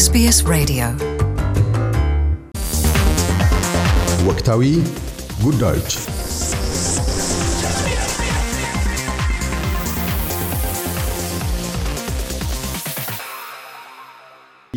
ኤስቢኤስ Radio ወቅታዊ ጉዳዮች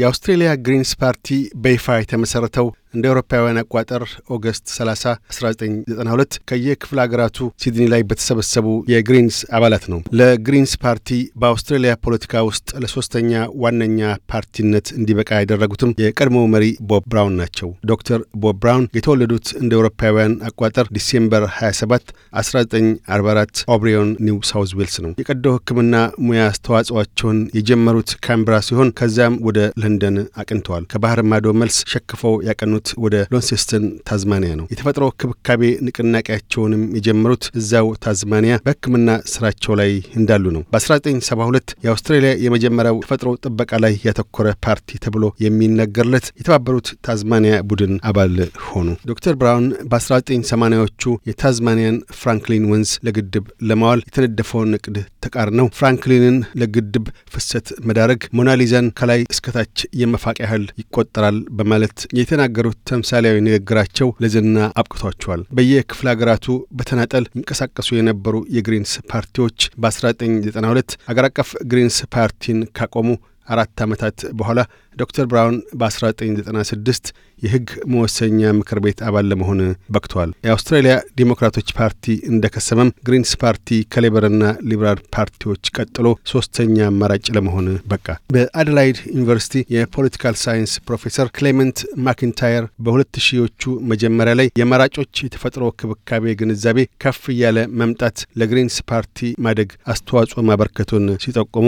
የአውስትሬልያ ግሪንስ ፓርቲ በይፋ የተመሠረተው እንደ አውሮፓውያን አቋጠር ኦገስት 30 1992 ከየክፍለ ሀገራቱ ሲድኒ ላይ በተሰበሰቡ የግሪንስ አባላት ነው። ለግሪንስ ፓርቲ በአውስትራሊያ ፖለቲካ ውስጥ ለሶስተኛ ዋነኛ ፓርቲነት እንዲበቃ ያደረጉትም የቀድሞ መሪ ቦብ ብራውን ናቸው። ዶክተር ቦብ ብራውን የተወለዱት እንደ አውሮፓውያን አቋጠር ዲሴምበር 27 1944 ኦብሪዮን ኒው ሳውዝ ዌልስ ነው። የቀዶ ሕክምና ሙያ አስተዋጽኦቸውን የጀመሩት ካምብራ ሲሆን ከዚያም ወደ ለንደን አቅንተዋል። ከባህር ማዶ መልስ ሸክፈው ያቀኑት ያቀኑት ወደ ሎንሴስተን ታዝማኒያ ነው። የተፈጥሮ ክብካቤ ንቅናቄያቸውንም የጀመሩት እዚያው ታዝማኒያ በሕክምና ስራቸው ላይ እንዳሉ ነው። በ1972 የአውስትራሊያ የመጀመሪያው ተፈጥሮ ጥበቃ ላይ ያተኮረ ፓርቲ ተብሎ የሚነገርለት የተባበሩት ታዝማኒያ ቡድን አባል ሆኑ። ዶክተር ብራውን በ1980ዎቹ የታዝማኒያን ፍራንክሊን ወንዝ ለግድብ ለማዋል የተነደፈውን እቅድ ተቃርነው ፍራንክሊንን ለግድብ ፍሰት መዳረግ ሞናሊዛን ከላይ እስከታች የመፋቅ ያህል ይቆጠራል በማለት የተናገሩ ተምሳሌያዊ ንግግራቸው ለዝና አብቅቷቸዋል። በየክፍለ ሀገራቱ በተናጠል ይንቀሳቀሱ የነበሩ የግሪንስ ፓርቲዎች በ1992 አገር አቀፍ ግሪንስ ፓርቲን ካቆሙ አራት ዓመታት በኋላ ዶክተር ብራውን በ1996 የሕግ መወሰኛ ምክር ቤት አባል ለመሆን በቅተዋል። የአውስትራሊያ ዲሞክራቶች ፓርቲ እንደ ከሰመም ግሪንስ ፓርቲ ከሌበርና ሊበራል ፓርቲዎች ቀጥሎ ሶስተኛ አማራጭ ለመሆን በቃ። በአደላይድ ዩኒቨርሲቲ የፖለቲካል ሳይንስ ፕሮፌሰር ክሌመንት ማኪንታየር በሁለት ሺዎቹ መጀመሪያ ላይ የመራጮች የተፈጥሮ ክብካቤ ግንዛቤ ከፍ እያለ መምጣት ለግሪንስ ፓርቲ ማደግ አስተዋጽኦ ማበርከቱን ሲጠቁሙ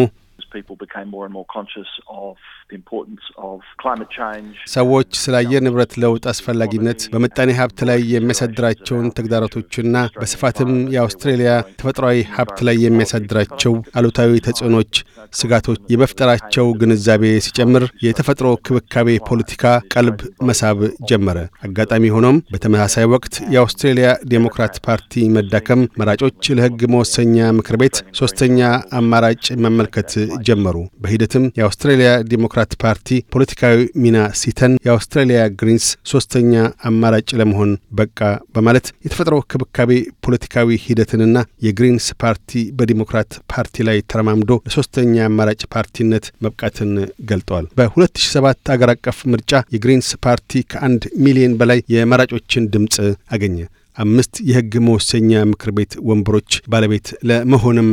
people became more and more conscious of ሰዎች ስለ አየር ንብረት ለውጥ አስፈላጊነት በምጣኔ ሀብት ላይ የሚያሳድራቸውን ተግዳሮቶችና በስፋትም የአውስትሬሊያ ተፈጥሯዊ ሀብት ላይ የሚያሳድራቸው አሉታዊ ተጽዕኖች፣ ስጋቶች የመፍጠራቸው ግንዛቤ ሲጨምር የተፈጥሮ ክብካቤ ፖለቲካ ቀልብ መሳብ ጀመረ። አጋጣሚ ሆኖም በተመሳሳይ ወቅት የአውስትሬሊያ ዴሞክራት ፓርቲ መዳከም መራጮች ለሕግ መወሰኛ ምክር ቤት ሶስተኛ አማራጭ መመልከት ጀመሩ። በሂደትም የአውስትሬሊያ ዴሞክራ ዲሞክራት ፓርቲ ፖለቲካዊ ሚና ሲተን የአውስትራሊያ ግሪንስ ሶስተኛ አማራጭ ለመሆን በቃ በማለት የተፈጥሮ ክብካቤ ፖለቲካዊ ሂደትንና የግሪንስ ፓርቲ በዲሞክራት ፓርቲ ላይ ተረማምዶ ለሶስተኛ አማራጭ ፓርቲነት መብቃትን ገልጠዋል። በ2007 አገር አቀፍ ምርጫ የግሪንስ ፓርቲ ከአንድ ሚሊዮን በላይ የመራጮችን ድምፅ አገኘ። አምስት የሕግ መወሰኛ ምክር ቤት ወንበሮች ባለቤት ለመሆንም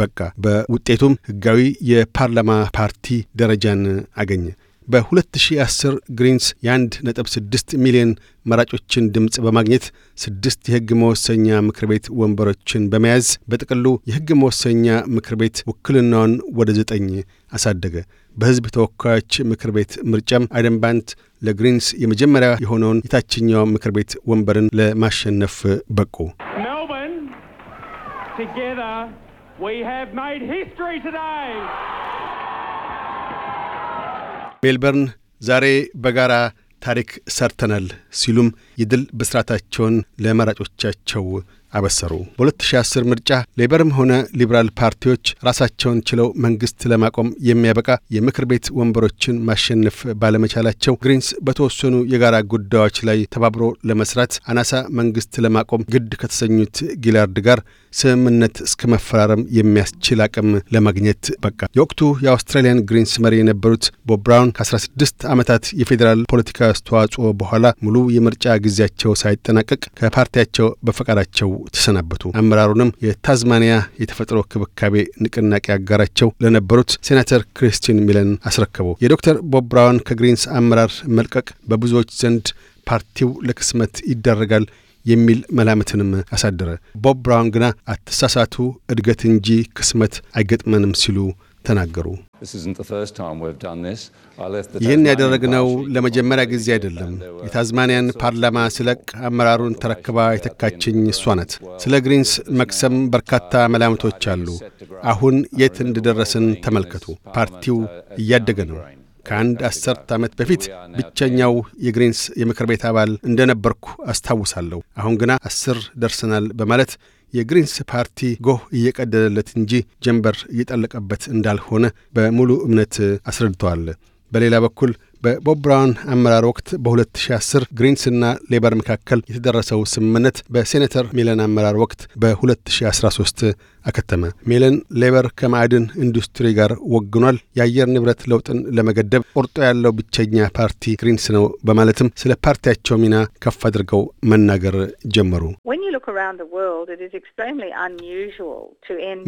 በቃ። በውጤቱም ህጋዊ የፓርላማ ፓርቲ ደረጃን አገኘ። በ2010 ግሪንስ የ1.6 ሚሊዮን መራጮችን ድምፅ በማግኘት ስድስት የሕግ መወሰኛ ምክር ቤት ወንበሮችን በመያዝ በጥቅሉ የሕግ መወሰኛ ምክር ቤት ውክልናውን ወደ ዘጠኝ አሳደገ። በሕዝብ ተወካዮች ምክር ቤት ምርጫም አይደንባንት ለግሪንስ የመጀመሪያ የሆነውን የታችኛው ምክር ቤት ወንበርን ለማሸነፍ በቁ። ሜልበርን ዛሬ በጋራ ታሪክ ሰርተናል ሲሉም የድል ብስራታቸውን ለመራጮቻቸው አበሰሩ። በ2010 ምርጫ ሌበርም ሆነ ሊበራል ፓርቲዎች ራሳቸውን ችለው መንግስት ለማቆም የሚያበቃ የምክር ቤት ወንበሮችን ማሸነፍ ባለመቻላቸው ግሪንስ በተወሰኑ የጋራ ጉዳዮች ላይ ተባብሮ ለመስራት አናሳ መንግስት ለማቆም ግድ ከተሰኙት ጊላርድ ጋር ስምምነት እስከ መፈራረም የሚያስችል አቅም ለማግኘት በቃ። የወቅቱ የአውስትራሊያን ግሪንስ መሪ የነበሩት ቦብ ብራውን ከ16 ዓመታት የፌዴራል ፖለቲካ አስተዋጽኦ በኋላ ሙሉ የምርጫ ጊዜያቸው ሳይጠናቀቅ ከፓርቲያቸው በፈቃዳቸው ተሰናበቱ። አመራሩንም የታዝማኒያ የተፈጥሮ ክብካቤ ንቅናቄ አጋራቸው ለነበሩት ሴናተር ክሪስቲን ሚለን አስረከቡ። የዶክተር ቦብ ብራውን ከግሪንስ አመራር መልቀቅ በብዙዎች ዘንድ ፓርቲው ለክስመት ይዳረጋል የሚል መላምትንም አሳደረ። ቦብ ብራውን ግና አተሳሳቱ እድገት እንጂ ክስመት አይገጥመንም ሲሉ ተናገሩ። ይህን ያደረግነው ለመጀመሪያ ጊዜ አይደለም። የታዝማኒያን ፓርላማ ሲለቅ አመራሩን ተረክባ የተካችኝ እሷ ናት። ስለ ግሪንስ መክሰም በርካታ መላምቶች አሉ። አሁን የት እንድደረስን ተመልከቱ። uh, ፓርቲው uh, uh, እያደገ ነው። ከአንድ አስርት ዓመት በፊት ብቸኛው የግሪንስ የምክር ቤት አባል እንደነበርኩ አስታውሳለሁ። አሁን ግና አስር ደርሰናል በማለት የግሪንስ ፓርቲ ጎህ እየቀደደለት እንጂ ጀንበር እየጠለቀበት እንዳልሆነ በሙሉ እምነት አስረድተዋል። በሌላ በኩል በቦብ ብራውን አመራር ወቅት በ2010 ግሪንስና ሌበር መካከል የተደረሰው ስምምነት በሴኔተር ሜለን አመራር ወቅት በ2013 አከተመ። ሜለን ሌበር ከማዕድን ኢንዱስትሪ ጋር ወግኗል፣ የአየር ንብረት ለውጥን ለመገደብ ቆርጦ ያለው ብቸኛ ፓርቲ ግሪንስ ነው በማለትም ስለ ፓርቲያቸው ሚና ከፍ አድርገው መናገር ጀመሩ።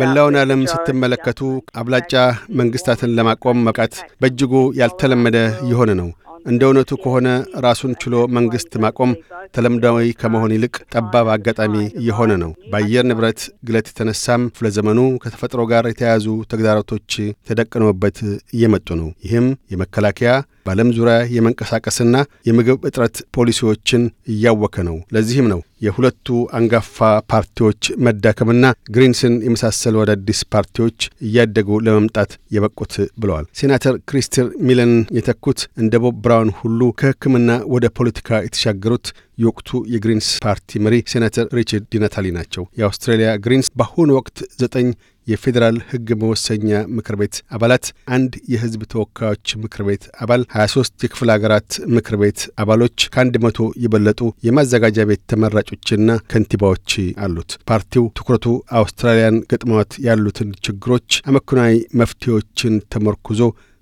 መላውን ዓለም ስትመለከቱ አብላጫ መንግስታትን ለማቆም መብቃት በእጅጉ ያልተለመደ የሆነ እየሆነ ነው። እንደ እውነቱ ከሆነ ራሱን ችሎ መንግሥት ማቆም ተለምዳዊ ከመሆን ይልቅ ጠባብ አጋጣሚ እየሆነ ነው። በአየር ንብረት ግለት የተነሳም ክፍለ ዘመኑ ከተፈጥሮ ጋር የተያያዙ ተግዳሮቶች ተደቅነውበት እየመጡ ነው። ይህም የመከላከያ በዓለም ዙሪያ የመንቀሳቀስና የምግብ እጥረት ፖሊሲዎችን እያወከ ነው። ለዚህም ነው የሁለቱ አንጋፋ ፓርቲዎች መዳከምና ግሪንስን የመሳሰሉ አዳዲስ ፓርቲዎች እያደጉ ለመምጣት የበቁት ብለዋል። ሴናተር ክሪስትር ሚለን የተኩት እንደ ቦብ ብራውን ሁሉ ከሕክምና ወደ ፖለቲካ የተሻገሩት የወቅቱ የግሪንስ ፓርቲ መሪ ሴናተር ሪቻርድ ዲናታሊ ናቸው። የአውስትራሊያ ግሪንስ በአሁኑ ወቅት ዘጠኝ የፌዴራል ህግ መወሰኛ ምክር ቤት አባላት፣ አንድ የህዝብ ተወካዮች ምክር ቤት አባል፣ 23 የክፍለ ሀገራት ምክር ቤት አባሎች፣ ከአንድ መቶ የበለጡ የማዘጋጃ ቤት ተመራጮችና ከንቲባዎች አሉት። ፓርቲው ትኩረቱ አውስትራሊያን ገጥመዋት ያሉትን ችግሮች አመክናዊ መፍትሄዎችን ተመርኩዞ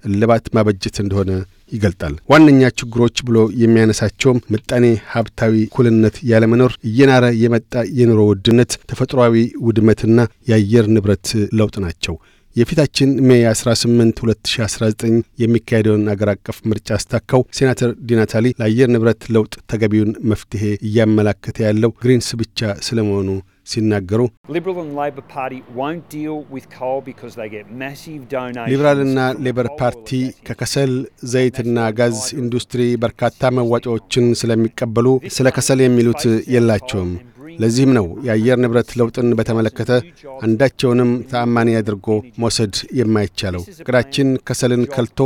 እልባት ማበጀት እንደሆነ ይገልጣል። ዋነኛ ችግሮች ብሎ የሚያነሳቸውም ምጣኔ ሀብታዊ እኩልነት ያለመኖር፣ እየናረ የመጣ የኑሮ ውድነት፣ ተፈጥሯዊ ውድመትና የአየር ንብረት ለውጥ ናቸው። የፊታችን ሜ 18 2019 የሚካሄደውን አገር አቀፍ ምርጫ አስታካው ሴናተር ዲናታሊ ለአየር ንብረት ለውጥ ተገቢውን መፍትሄ እያመላከተ ያለው ግሪንስ ብቻ ስለመሆኑ ሲናገሩ ሊብራልና ሌበር ፓርቲ ከከሰል ዘይትና ጋዝ ኢንዱስትሪ በርካታ መዋጮዎችን ስለሚቀበሉ ስለ ከሰል የሚሉት የላቸውም። ለዚህም ነው የአየር ንብረት ለውጥን በተመለከተ አንዳቸውንም ተአማኒ አድርጎ መውሰድ የማይቻለው። እቅዳችን ከሰልን ከልቶ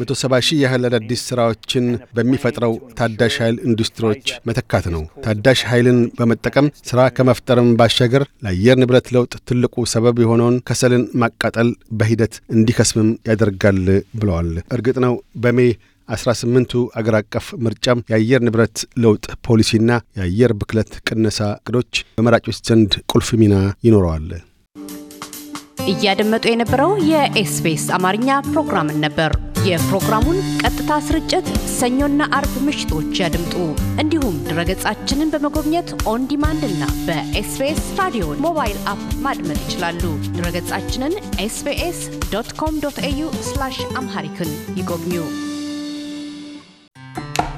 170 ሺህ ያህል አዳዲስ ሥራዎችን በሚፈጥረው ታዳሽ ኃይል ኢንዱስትሪዎች መተካት ነው። ታዳሽ ኃይልን በመጠቀም ሥራ ከመፍጠርም ባሻገር ለአየር ንብረት ለውጥ ትልቁ ሰበብ የሆነውን ከሰልን ማቃጠል በሂደት እንዲከስምም ያደርጋል ብለዋል። እርግጥ ነው በሜ አስራ ስምንቱ አገር አቀፍ ምርጫም የአየር ንብረት ለውጥ ፖሊሲና የአየር ብክለት ቅነሳ እቅዶች በመራጮች ዘንድ ቁልፍ ሚና ይኖረዋል። እያደመጡ የነበረው የኤስቢኤስ አማርኛ ፕሮግራምን ነበር። የፕሮግራሙን ቀጥታ ስርጭት ሰኞና አርብ ምሽቶች ያድምጡ። እንዲሁም ድረገጻችንን በመጎብኘት ኦን ዲማንድ እና በኤስቢኤስ ራዲዮን ሞባይል አፕ ማድመጥ ይችላሉ። ድረገጻችንን ኤስቢኤስ ዶት ኮም ዶት ኤዩ አምሃሪክን ይጎብኙ።